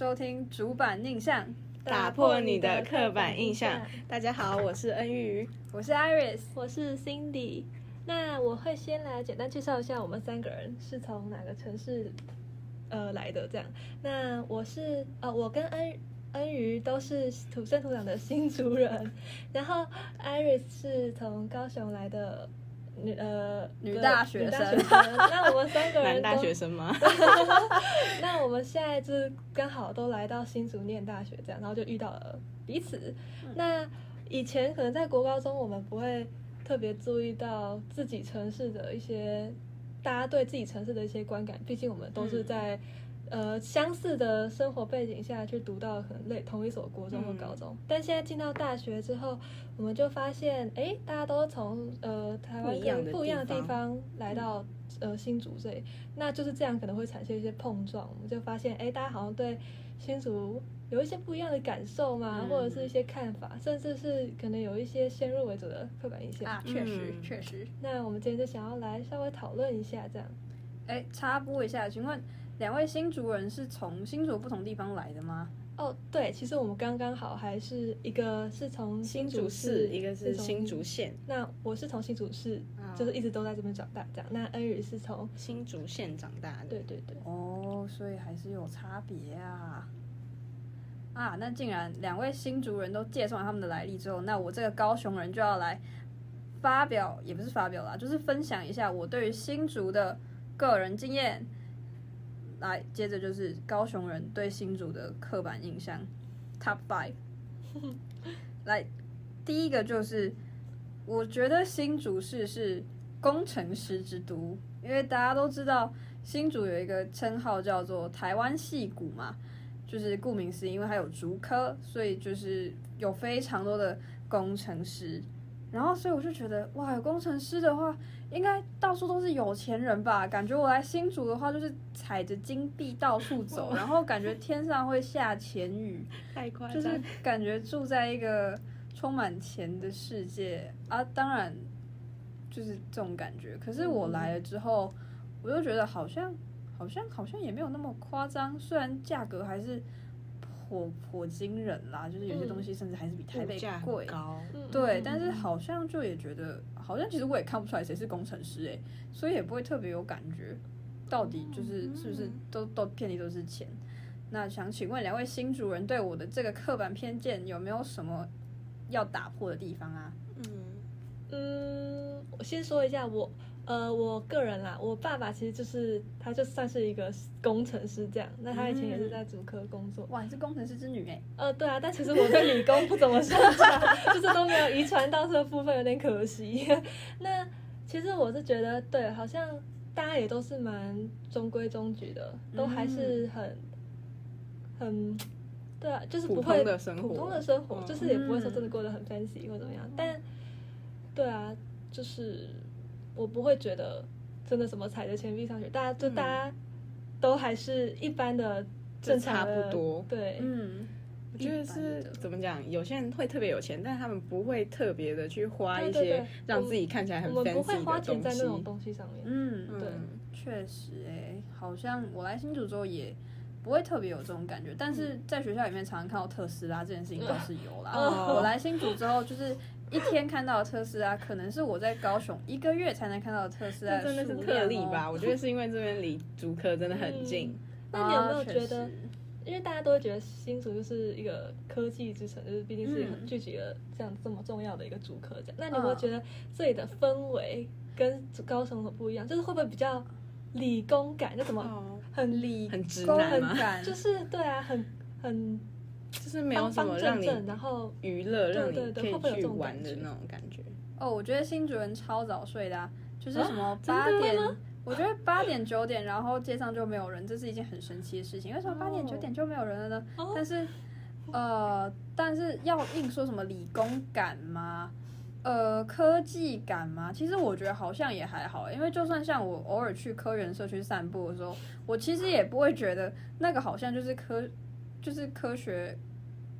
收聽主板印象，對打破你的刻板印象。印象 Yeah. 大家好，我是恩瑜， 我是 Iris，我是 Cindy。那我會先來簡單介紹一下我們三個人是從哪個城市呃來的。這樣，那我是呃、哦，我跟恩恩瑜都是土生土長的新族人， 然後 Iris 是從高雄來的。女呃女大學生，學生 那我們三個人都男大學生嗎？ 那我們現在是剛好都來到新竹念大學，這樣，然後就遇到了彼此。嗯、那以前可能在國高中，我們不會特別注意到自己城市的一些，大家對自己城市的一些觀感，畢竟我們都是在。嗯呃，相似的生活背景下去讀到可能類同一所國中或高中，嗯、但現在進到大學之後，我們就發現，哎、欸，大家都從呃台灣不一樣的地方來到方、嗯、呃新竹這裡，那就是這樣可能會產生一些碰撞。我們就發現，哎、欸，大家好像對新竹有一些不一樣的感受嘛，嗯、或者是一些看法，甚至是可能有一些先入為主的刻板印象啊，確實確實。嗯、實那我們今天就想要來稍微討論一下這樣，哎、欸，插播一下，請問。兩位新竹人是從新竹不同地方來的嗎？哦，oh, 對，其實我們剛剛好還是一個是從新竹市，市一個是，從是從新竹縣。那我是從新竹市，oh. 就是一直都在這邊長大。這樣，那恩宇是從新竹縣長大的。對對對，哦，oh, 所以還是有差別啊。啊，那既然兩位新竹人都介紹了他們的來歷之後，那我這個高雄人就要來發表，也不是發表啦，就是分享一下我對於新竹的個人經驗。來，接着就是高雄人對新竹的刻板印象，Top five。 來，第一個就是，我覺得新竹市是工程師之都，因為大家都知道新竹有一個稱號叫做台灣矽谷嘛，就是顧名思義，因為它有竹科，所以就是有非常多的工程師。然後，所以我就覺得，哇，有工程師的話，應該到處都是有錢人吧？感覺我來新竹的話，就是踩着金幣到處走，哇然後感覺天上會下錢雨，太誇張，就是感覺住在一個充滿錢的世界啊！當然，就是這種感覺。可是我來了之後，嗯、我就覺得好像，好像，好像也沒有那麼誇張。雖然價格還是。火火驚人啦，就是有些東西甚至還是比台北貴，嗯、高，對，嗯、但是好像就也覺得，好像其實我也看不出來誰是工程師誒，所以也不會特別有感覺，到底就是是不是都、嗯、都遍地都是錢？那想請問兩位新竹人，對我的這個刻板偏見有沒有什麼要打破的地方啊？嗯嗯，我先說一下我。呃，我個人啦，我爸爸其實就是他，就算是一個工程師這樣。那他以前也是在竹科工作。嗯、哇，你是工程師之女哎，欸。呃，對啊，但其實我對理工不怎麼擅長， 就是都沒有遺傳到這個部分，有點可惜。 那其實我是覺得，對，好像大家也都是蠻中規中矩的，嗯、都還是很很對啊，就是不會普通的生活，普通的生活，哦，就是也不會說真的過得很 fancy 或怎麼樣。哦，但對啊，就是。我不會覺得真的什麼踩着錢幣上學，大家就大家都還是一般的正常的，嗯、就差不多對。嗯，我覺得是怎麼講，有些人會特別有錢，但是他們不會特別的去花一些讓自己看起來很 fancy 的東西。我，我不會花錢在那種東西上面。嗯，對嗯，確實誒、欸，好像我來新竹之後也不會特別有這種感覺，但是在學校裡面常常看到特斯拉這件事情，倒是有啦。嗯、我來新竹之後就是。一天看到的特斯拉，可能是我在高雄一個月才能看到的特斯拉。真的是特例吧？ 我覺得是因為這邊離竹科真的很近，嗯。那你有沒有覺得，哦，因為大家都會覺得新竹就是一個科技之城，就是畢竟是很聚集了這樣這麼重要的一個竹科。這樣。那你有沒有覺得這裡的氛圍跟高雄很不一樣，嗯，就是會不會比較理工感？就怎麼？很理工，嗯，很直男。就是對啊，很很。就是沒有什麼讓你，然後娛樂讓你可以去玩的那種感覺哦。我覺得新竹人超早睡的啊，就是什麼八點，我覺得八點九點，然後街上就沒有人，這是一件很神奇的事情。為什麼八點九點就沒有人了呢？但是呃，但是要硬說什麼理工感嗎？呃，科技感嗎？其實我覺得好像也還好，因為就算像我偶爾去科園社區散步的時候，我其實也不會覺得那個好像就是科。就是科學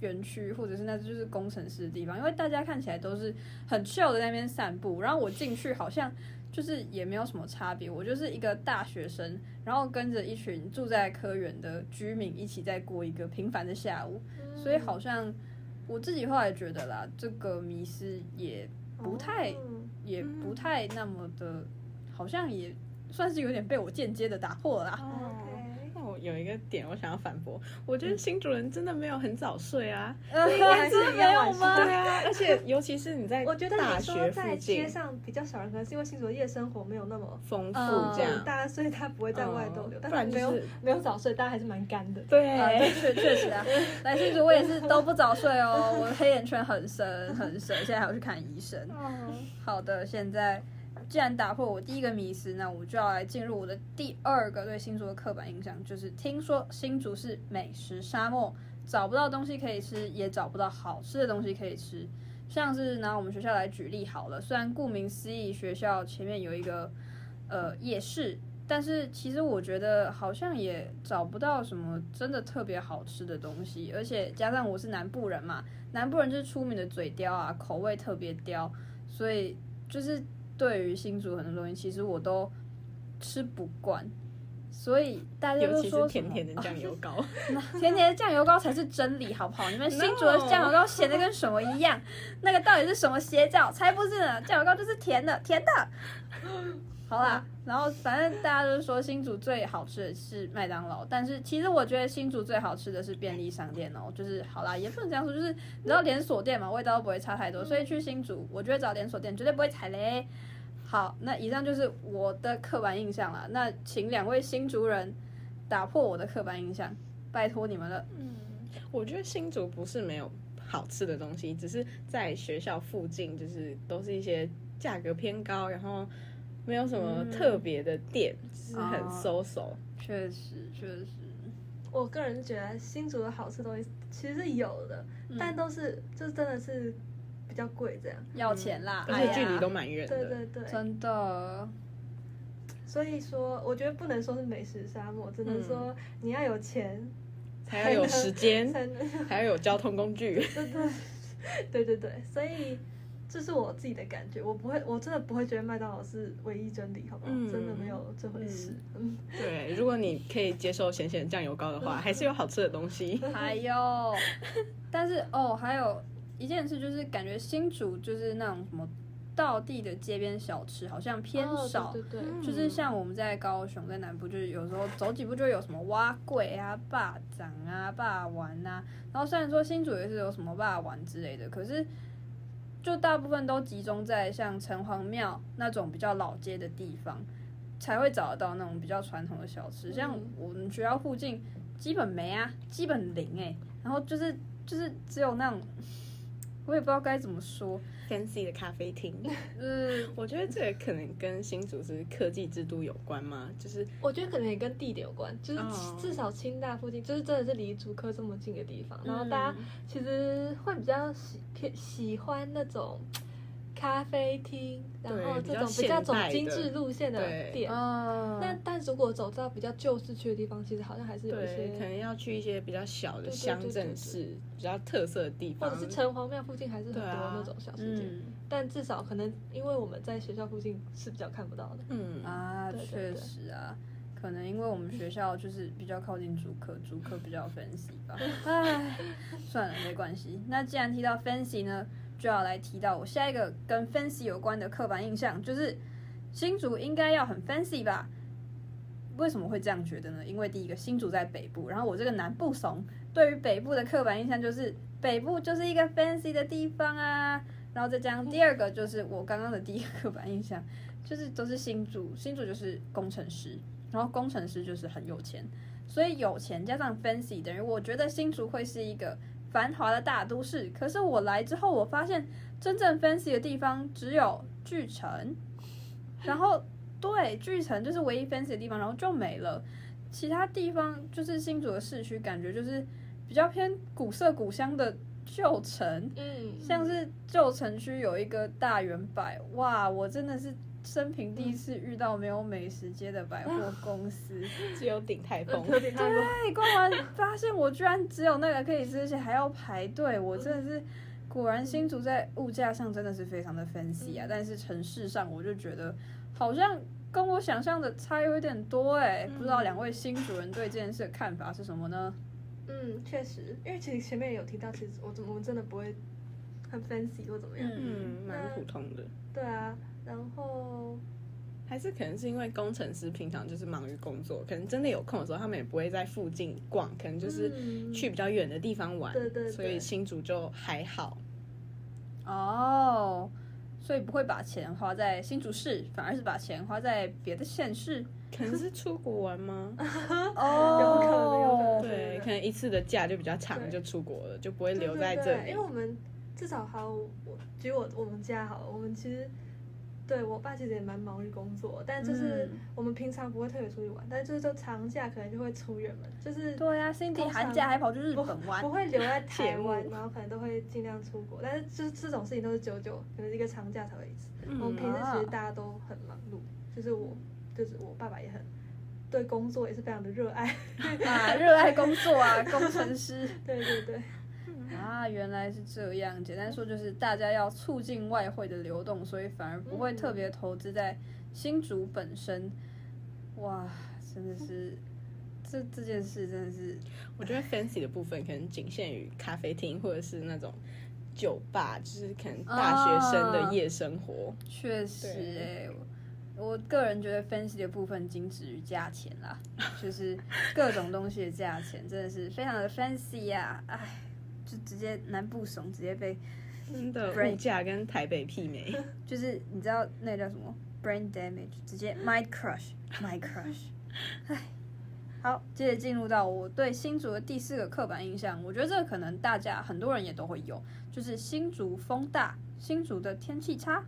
園區，或者是那就是工程師的地方，因為大家看起來都是很 chill 的在那邊散步，然後我進去好像就是也沒有什麼差別，我就是一個大學生，然後跟着一群住在科園的居民一起在過一個平凡的下午，嗯、所以好像我自己後來覺得啦，這個迷思也不太，哦、也不太那麼的，嗯、好像也算是有點被我間接的打破了啦。哦有一個點我想要反駁，我覺得新竹人真的沒有很早睡啊，應是沒有嗎？對啊，而且尤其是你在大學附近 我覺得你說在街上比較少人，可能是因為新竹夜生活沒有那麼豐富，這樣、嗯、大家所以他不會在外逗留，嗯、不然沒有沒有早睡，大家還是蠻干的。對確確、嗯、實啊，來新竹我也是都不早睡哦，我的黑眼圈很深很深，現在還要去看醫生。嗯，好的，現在。既然打破我第一個迷思，那我就要來進入我的第二個對新竹的刻板印象，就是聽說新竹是美食沙漠，找不到東西可以吃，也找不到好吃的東西可以吃。像是拿我們學校來舉例好了，雖然顧名思義，學校前面有一個呃夜市，但是其實我覺得好像也找不到什麼真的特別好吃的東西。而且加上我是南部人嘛，南部人就是出名的嘴刁啊，口味特別刁，所以就是。對於新竹很多東西，其實我都吃不慣，所以大家都說，尤其是甜甜的醬油膏，哦、甜甜的醬油膏才是真理，好不好？你們新竹的醬油膏鹹的跟什麼一樣？那個到底是什麼邪教？才不是呢，醬油膏，就是甜的，甜的，好啦。然後反正大家都說新竹最好吃的是麥當勞，但是其實我覺得新竹最好吃的是便利商店哦，就是好啦，也不能這樣說，就是你知道連鎖店嘛，味道都不會差太多，所以去新竹，我覺得找連鎖店絕對不會踩雷。好，那以上就是我的刻板印象了，那請兩位新竹人打破我的刻板印象，拜託你們了。嗯，我覺得新竹不是沒有好吃的東西，只是在學校附近就是都是一些價格偏高，然後。沒有什麼特別的店、嗯、是很 so so 確實確實。確實我個人覺得新竹的好吃東西其實是有的，嗯、但都是就是真的是比較貴，這樣要錢啦，嗯而，且哎、而且距離都蠻遠的，對對對，真的。所以說，我覺得不能說是美食沙漠，我只能說、嗯、你要有錢，才要有時間，才，才，才要有交通工具，對，對對對對，所以。這是我自己的感覺，我不會，我真的不會覺得麥當勞是唯一真理，好不好？嗯、真的沒有這回事。嗯、 對，如果你可以接受鹹鹹醬油膏的話， 還是有好吃的東西。還有， 但是哦，還有一件事就是，感覺新竹就是那種什麼道地的街邊小吃好像偏少。哦、對，對，對就是像我們在高雄在南部，就是有時候走幾步就會有什麼碗粿啊、肉羹啊、肉圓啊。然後雖然說新竹也是有什麼肉圓之類的，可是，就大部分都集中在像城隍廟那種比較老街的地方，才會找得到那種比較傳統的小吃。像我們學校附近，基本沒啊，基本零哎、欸。然後就是就是只有那種。我也不知道該怎麼說 fancy 的咖啡廳。嗯， 我覺得這個可能跟新竹是科技之都有關嗎？就是我覺得可能也跟地點有關，就是至少清大附近，哦、就是真的是離竹科這麼近的地方，然後大家其實會比較喜偏喜歡那種。咖啡廳，然後這種比較走精緻路線的店啊。那但如果走到比較舊市區的地方，其實好像還是有一些，可能要去一些比較小的鄉鎮市，比較特色的地方，或者是城隍廟附近還是很多那種小事情。啊嗯、但至少可能因為我們在學校附近是比較看不到的。嗯啊，對對對確實啊，可能因為我們學校就是比較靠近竹科，竹科比較 fancy 吧。哎， 算了，沒關係。那既然提到 fancy 呢？就要來提到我下一個跟 fancy 有關的刻板印象，就是新竹應該要很 fancy 吧？為什麼會這樣覺得呢？因為第一個新竹在北部，然後我這個南部慫，對於北部的刻板印象就是北部就是一個 fancy 的地方啊。然後再加上，第二個就是我剛剛的第一個刻板印象，就是都是新竹，新竹就是工程師，然後工程師就是很有錢，所以有錢加上 fancy 等於我覺得新竹會是一個。繁華的大都市，可是我來之後，我發現真正 fancy 的地方只有巨城，然後，對，巨城就是唯一 fancy 的地方，然後就沒了，其他地方就是新竹的市區，感覺就是比較偏古色古香的舊城，嗯，嗯，像是舊城區有一個大圓柏，哇，我真的是。生平第一次遇到沒有美食街的百貨公司，啊、只有鼎泰豐。對，逛完發現我居然只有那個可以吃，而且還要排隊。我真的是，嗯、果然新竹在物價上真的是非常的 fancy 啊！嗯、但是城市上，我就覺得好像跟我想象的差有一點多哎、欸。嗯、不知道兩位新竹人對這件事的看法是什麼呢？嗯，確實，因為其實前面有提到，其實我怎麼我真的不會很 fancy 或怎麼樣？嗯，蠻普通的。嗯、對啊。然後還是可能是因為工程師平常就是忙於工作，可能真的有空的時候，他們也不會在附近逛，可能就是去比較遠的地方玩。嗯、對，對對。所以新竹就還好。哦，oh, 所以不會把錢花在新竹市，反而是把錢花在別的縣市，可能是出國玩嗎？哦 oh,，有可能，有可能對，可能一次的假就比較長，對就出國了，就不會留在這裡。對對對，因為我們至少還有，舉我我們家好了，我們其實。對我爸其實也蠻忙於工作，但就是我們平常不會特別出去玩，但是就是說長假可能就會出遠門，就是對呀，今年寒假還跑去日本玩，不會留在台灣，嗯、然後可能都會盡量出國，但是就是這種事情都是久久，可能是一個長假才會一次。嗯、我們平時其實大家都很忙碌，就是我，就是我爸爸也很對工作也是非常的熱愛啊， 熱愛工作啊， 工程師，對對對。啊，原來是這樣。簡單說就是大家要促進外匯的流動，所以反而不會特別投資在新竹本身。哇，真的是這這件事真的是。我覺得 fancy 的部分可能僅限於咖啡廳或者是那種酒吧，就是可能大學生的夜生活。啊，確實欸，哎，我個人覺得 fancy 的部分僅止於價錢啦，就是各種東西的價錢真的是非常的 fancy 啊，哎。就直接南部慫，直接被 brain，真的物價跟台北媲美。就是你知道那叫什麼 brain damage，直接 mind crush，mind crush, mind crush 哎，好，接着進入到我對新竹的第四個刻板印象。我覺得這個可能大家很多人也都會有，就是新竹風大，新竹的天氣差。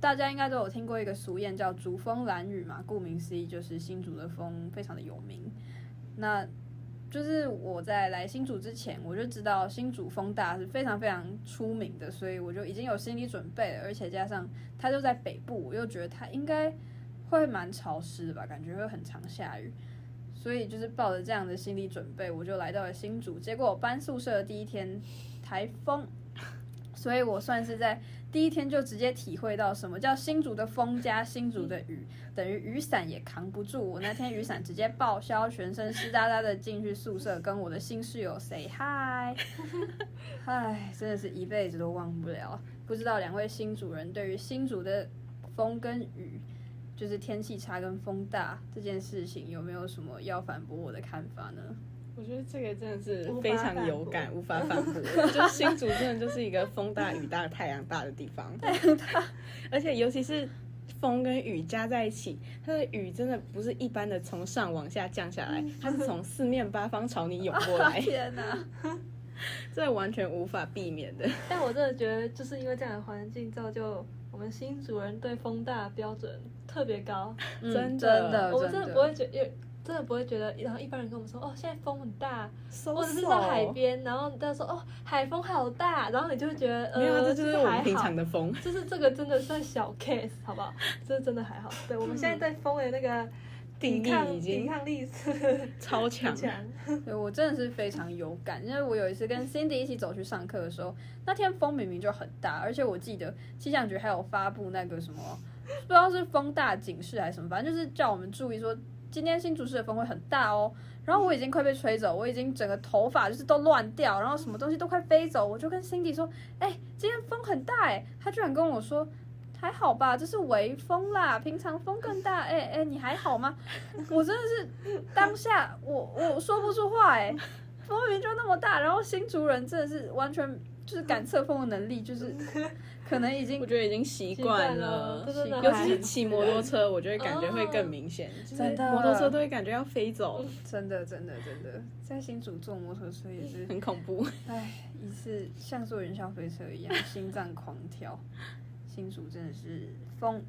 大家應該都有聽過一個俗諺叫“竹風藍雨”嘛，顧名思義就是新竹的風非常的有名。那就是我在來新竹之前，我就知道新竹風大是非常非常出名的，所以我就已經有心理準備了。而且加上它就在北部，我又覺得它應該會蠻潮濕的吧，感覺會很常下雨。所以就是抱着這樣的心理準備，我就來到了新竹。結果搬宿舍的第一天，台風，所以我算是在，第一天就直接體會到什麼叫新竹的風加新竹的雨，等於雨傘也扛不住。我那天雨傘直接報銷，全身濕噠噠的進去宿舍，跟我的新室友 say hi， 唉，真的是一輩子都忘不了。不知道兩位新竹人對於新竹的風跟雨，就是天氣差跟風大這件事情，有沒有什麼要反駁我的看法呢？我覺得這個真的是非常有感，無法反駁。就是新竹真的就是一個風大雨大太陽大的地方，太陽大。而且尤其是風跟雨加在一起，它的雨真的不是一般的從上往下降下來，它是從四面八方朝你湧過來。天哪，這完全無法避免的。但我真的覺得，就是因為這樣的環境造就我們新竹人對風大標準特別高，真的，我真的不會覺得。真的不會覺得，然後一般人跟我們說，哦，現在風很大，我只手是在海邊，然後他說，哦，海風好大，然後你就會覺得，有呃，這就是我們還好平常的風，就是這個真的算小 case，好不好？這真的還好。 對，我們現在在風的那個抵抗力，已經抵抗力超強。強。對，我真的是非常有感，因為我有一次跟 Cindy 一起走去上課的時候，那天風明明就很大，而且我記得氣象局還有發布那個什麼，不知道是風大警示還是什麼，反正就是叫我們注意說。今天新竹市的風會很大哦，然後我已經快被吹走，我已經整個頭髮就是都亂掉，然後什麼東西都快飛走。我就跟 Cindy 說，哎、欸，今天風很大哎、欸，他居然跟我說，還好吧，這是微風啦，平常風更大。哎、欸、哎、欸，你還好嗎？我真的是當下我我說不出話哎、欸，風雲就那麼大，然後新竹人真的是完全。就是感測風的能力，就是可能已經我覺得已經習慣了，了了尤其是騎摩托車，對我覺得感覺會更明顯。真的，真的摩托車都會感覺要飛走。真的，真的，真的，在新竹坐摩托車也是很恐怖。哎，一次像坐雲霄飛車一樣，心臟狂跳。新竹真的是風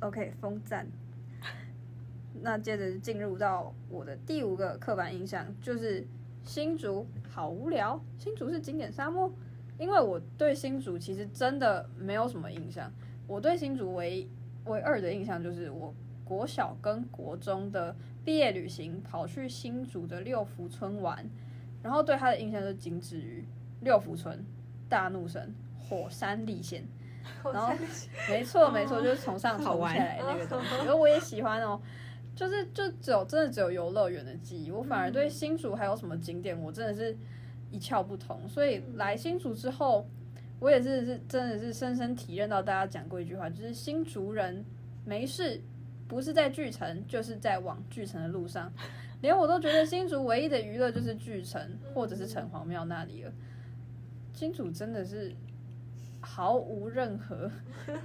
，OK，風讚。那接着進入到我的第五個刻板印象，就是新竹好無聊。新竹是景點沙漠。因為我對新竹其實真的沒有什麼印象，我對新竹唯一唯二的印象就是，我國小跟國中的畢業旅行跑去新竹的六福村玩，然後對他的印象就僅止於六福村、大怒神、火山歷險。然後，沒錯、哦、沒錯，就是從上跑下來那個東西，因為玩我也喜歡哦，就是就只有真的只有遊樂園的記憶，我反而對新竹還有什麼景點，我真的是。一竅不通，所以來新竹之後，我也是是真的是深深體認到大家講過一句話，就是新竹人沒事，不是在巨城，就是在往巨城的路上，連我都覺得新竹唯一的娛樂就是巨城或者是城隍廟那裡了。新竹真的是。毫無任何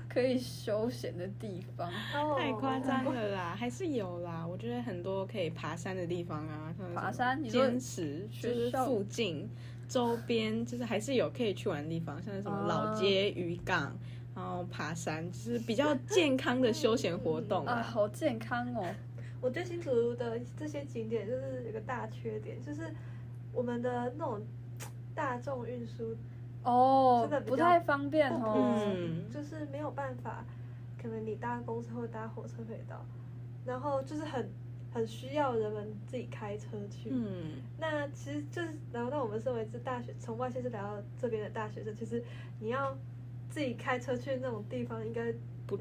可以休閒的地方， 太誇張了啦！ 還是有啦，我覺得很多可以爬山的地方啊，像爬山堅持就是附近、周邊，就是還是有可以去玩的地方，像什麼老街漁港，然後爬山，就是比較健康的休閒活動啊、， 嗯、啊，好健康哦！我最清楚的這些景點，就是有個大缺點，就是我們的那種大眾運輸，哦，oh, 真的不，不太方便哦，就是沒有辦法，可能你搭公車或者搭火車可以到，然後就是很很需要人們自己開車去。嗯，那其實就是，然後那我們身為是大學，從外縣市來到這邊的大學生，其實你要自己開車去那種地方，應該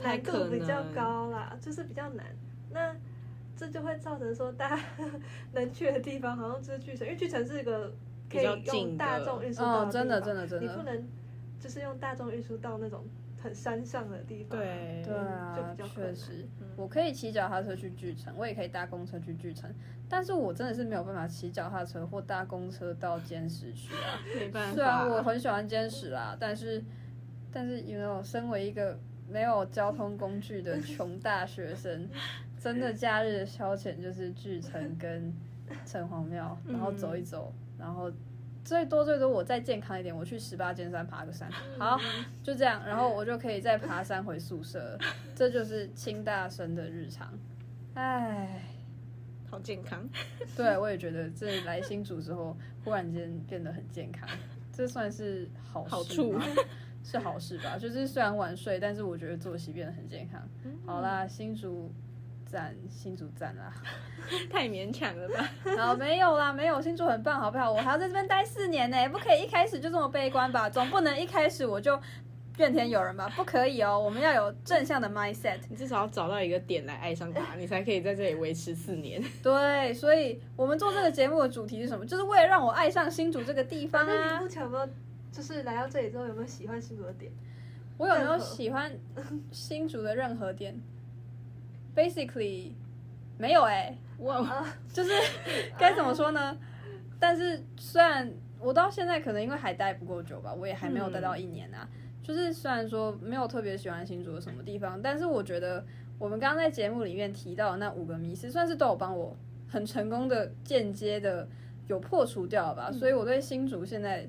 難度比較高啦，就是比較難。那這就會造成說，大家 能去的地方好像就是巨城，因為巨城是一個。可以用大眾運輸到的地方，真的的、嗯、真的。真的真的你不能就是用大眾運輸到那種很山上的地方。對對啊，確、嗯、實，嗯、我可以騎腳踏車去巨城，我也可以搭公車去巨城，但是我真的是沒有辦法騎腳踏車或搭公車到尖石去啊。雖然我很喜歡尖石啦，但是但是因為我身為一個沒有交通工具的窮大學生，真的假日消遣就是巨城跟城隍廟，嗯、然後走一走。然後，最多最多我再健康一點，我去十八尖山爬個山，好，就這樣，然後我就可以再爬山回宿舍，這就是清大生的日常。唉，好健康。對、啊、我也覺得這來新竹之後，忽然間變得很健康，這算是好處，是好事吧？就是雖然晚睡，但是我覺得作息變得很健康。好啦，新竹。讚，新竹讚啊，太勉強了吧？好，沒有啦，沒有，新竹很棒，好不好？我還要在這邊待四年呢，不可以一開始就這麼悲觀吧？總不能一開始我就怨天尤人吧？不可以哦、喔，我們要有正向的 mindset，你至少要找到一個點來愛上它，你才可以在這裡維持四年。對，所以我們做這個節目的主題是什麼？就是為了讓我愛上新竹這個地方啊。目前有沒有就是來到這裡之後有沒有喜歡新竹的點？我有沒有喜歡新竹的任何點？Basically，沒有哎、欸，我、uh, 就是該怎麼說呢？Uh. 但是雖然我到現在可能因為還待不夠久吧，我也還沒有待到一年啊。嗯、就是雖然說沒有特別喜歡新竹的什麼地方，但是我覺得我們剛剛在節目裡面提到的那五個迷思，算是都有幫我很成功的間接的有破除掉吧。嗯、所以我對新竹現在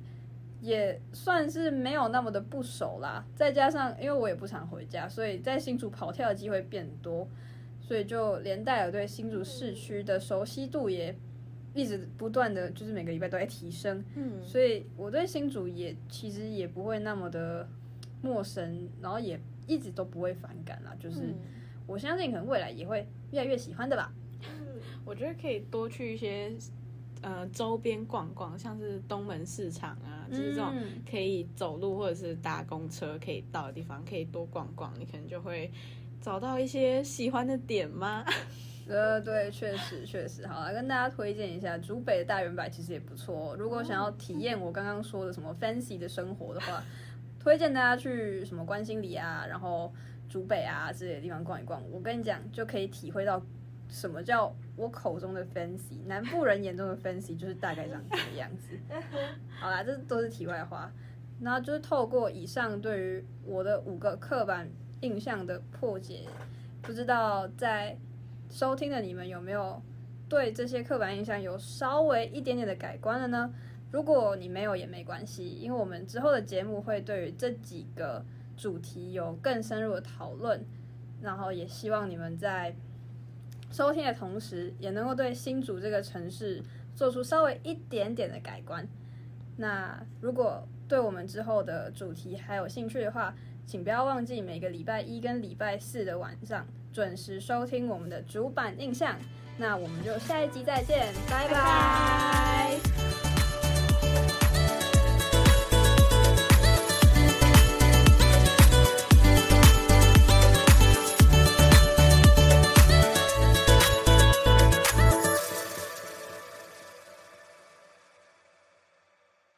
也算是沒有那麼的不熟啦。再加上因為我也不常回家，所以在新竹跑跳的機會變多。所以就連帶我對新竹市區的熟悉度也一直不斷的就是每個禮拜都在提升，嗯，所以我對新竹也其實也不會那麼的陌生，然後也一直都不會反感啦，就是、嗯、我相信你可能未來也會越來越喜歡的吧。我覺得可以多去一些呃周邊逛逛，像是東門市場啊，就是這種可以走路或者是搭公車可以到的地方，可以多逛逛，你可能就會。找到一些喜歡的點嗎？呃，對，對，對，確實確實，好啦，來跟大家推薦一下，竹北的大遠百其實也不錯。如果想要體驗我剛剛說的什麼 fancy 的生活的話，推薦大家去什麼關心裡啊，然後竹北啊這些地方逛一逛。我跟你講，就可以體會到什麼叫我口中的 fancy，南部人眼中的 fancy 就是大概長這個樣子。好啦，這都是題外話。那就是透過以上對於我的五個刻板。印象的破解，不知道在收聽的你們有沒有對這些刻板印象有稍微一點點的改觀了呢？如果你沒有也沒關係，因為我們之後的節目會對於這幾個主題有更深入的討論，然後也希望你們在收聽的同時，也能夠對新竹這個城市做出稍微一點點的改觀。那如果對我們之後的主題還有興趣的話，請不要忘記每個禮拜一跟禮拜四的晚上準時收聽我們的竹板印象。那我們就下一集再見，拜拜。拜拜。